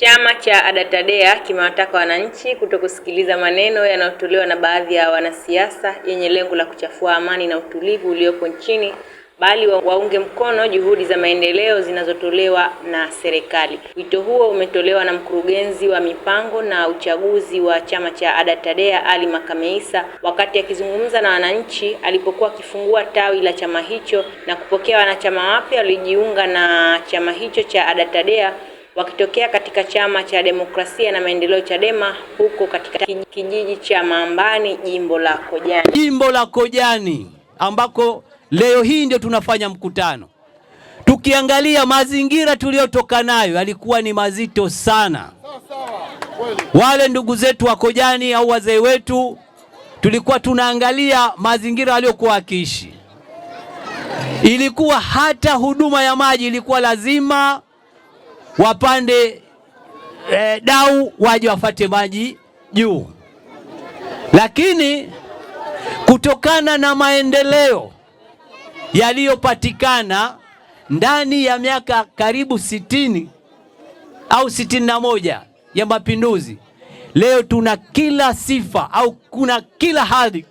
Chama cha ADATADEA kimewataka wananchi kutokusikiliza maneno yanayotolewa na baadhi ya wanasiasa yenye lengo la kuchafua amani na utulivu uliopo nchini bali waunge mkono juhudi za maendeleo zinazotolewa na serikali. Wito huo umetolewa na mkurugenzi wa mipango na uchaguzi wa chama cha ADATADEA Ali Makameisa wakati akizungumza na wananchi alipokuwa akifungua tawi la chama hicho na kupokea wanachama wapya waliojiunga na chama hicho cha ADATADEA wakitokea katika chama cha demokrasia na maendeleo Chadema, huko katika kijiji cha Mambani, jimbo la Kojani, jimbo la Kojani ambako leo hii ndio tunafanya mkutano. Tukiangalia mazingira tuliyotoka nayo yalikuwa ni mazito sana. Wale ndugu zetu wa Kojani au wazee wetu, tulikuwa tunaangalia mazingira waliokuwa wakiishi, ilikuwa hata huduma ya maji ilikuwa lazima wapande e, dau waje wafate maji juu, lakini kutokana na maendeleo yaliyopatikana ndani ya miaka karibu sitini au sitini na moja ya mapinduzi, leo tuna kila sifa au kuna kila hadhi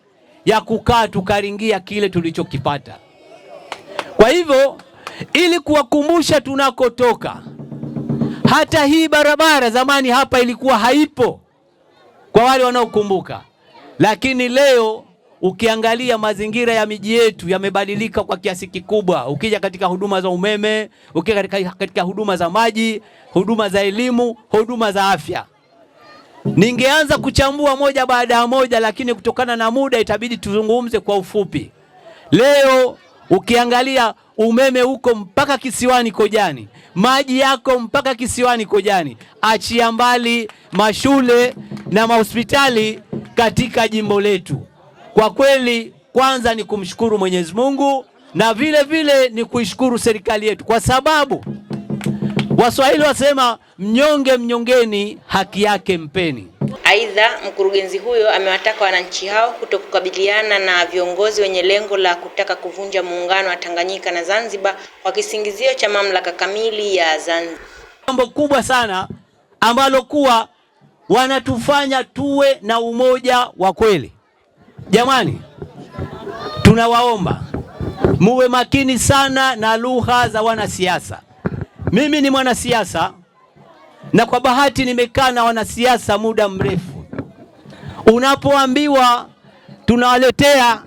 ya kukaa tukaringia kile tulichokipata. Kwa hivyo ili kuwakumbusha tunakotoka hata hii barabara zamani hapa ilikuwa haipo, kwa wale wanaokumbuka, lakini leo ukiangalia mazingira ya miji yetu yamebadilika kwa kiasi kikubwa. Ukija katika huduma za umeme, ukija katika, katika huduma za maji, huduma za elimu, huduma za afya. Ningeanza kuchambua moja baada ya moja, lakini kutokana na muda itabidi tuzungumze kwa ufupi. Leo ukiangalia umeme huko mpaka kisiwani Kojani, maji yako mpaka kisiwani Kojani, achia mbali mashule na mahospitali katika jimbo letu. Kwa kweli, kwanza ni kumshukuru Mwenyezi Mungu na vile vile ni kuishukuru serikali yetu, kwa sababu Waswahili wasema mnyonge mnyongeni, haki yake mpeni. Aidha, mkurugenzi huyo amewataka wananchi hao kutokukabiliana na viongozi wenye lengo la kutaka kuvunja muungano wa Tanganyika na Zanzibar kwa kisingizio cha mamlaka kamili ya Zanzibar. Jambo kubwa sana ambalo kuwa wanatufanya tuwe na umoja wa kweli. Jamani, tunawaomba muwe makini sana na lugha za wanasiasa. Mimi ni mwanasiasa na kwa bahati nimekaa na wanasiasa muda mrefu. Unapoambiwa tunawaletea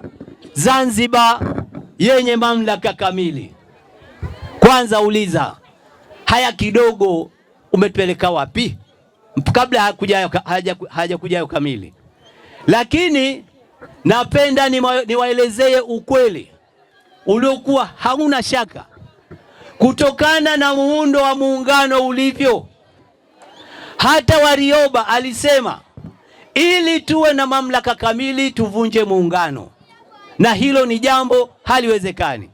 Zanzibar yenye mamlaka kamili, kwanza uliza haya kidogo, umetupeleka wapi? Kabla hajakujayo kamili. Lakini napenda niwaelezee ukweli uliokuwa hauna shaka, kutokana na muundo wa muungano ulivyo hata Warioba alisema ili tuwe na mamlaka kamili tuvunje muungano, na hilo ni jambo haliwezekani.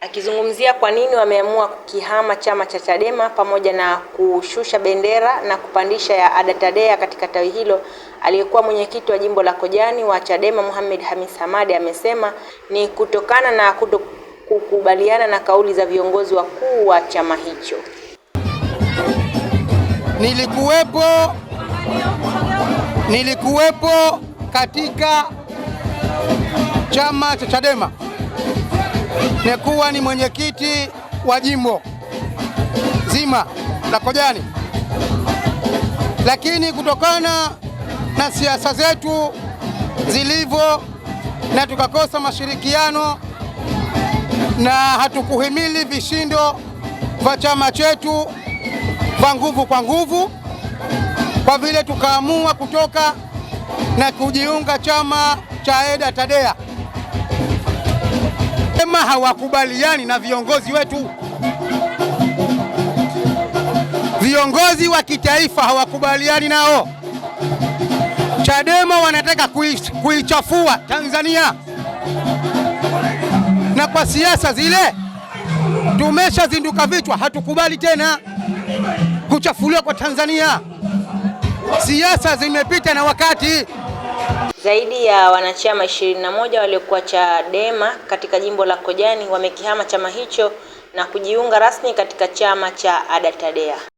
Akizungumzia kwa nini wameamua kukihama chama cha Chadema pamoja na kushusha bendera na kupandisha ya ADA-TADEA katika tawi hilo, aliyekuwa mwenyekiti wa jimbo la Kojani wa Chadema Mohamed Hamis Hamadi amesema ni kutokana na kutokukubaliana na kauli za viongozi wakuu wa chama hicho. Nilikuwepo, nilikuwepo katika chama cha Chadema, nikuwa ni mwenyekiti wa jimbo zima la Kojani, lakini kutokana na siasa zetu zilivyo na tukakosa mashirikiano na hatukuhimili vishindo vya chama chetu kwa nguvu kwa nguvu, kwa vile tukaamua kutoka na kujiunga chama cha eda TADEA. ema hawakubaliani na viongozi wetu, viongozi wa kitaifa hawakubaliani nao. Chadema wanataka kuichafua Tanzania na kwa siasa zile tumeshazinduka vichwa, hatukubali tena kuchafuliwa kwa Tanzania. Siasa zimepita na wakati. Zaidi ya wanachama 21 waliokuwa Chadema katika jimbo la Kojani wamekihama chama hicho na kujiunga rasmi katika chama cha ADA-TADEA.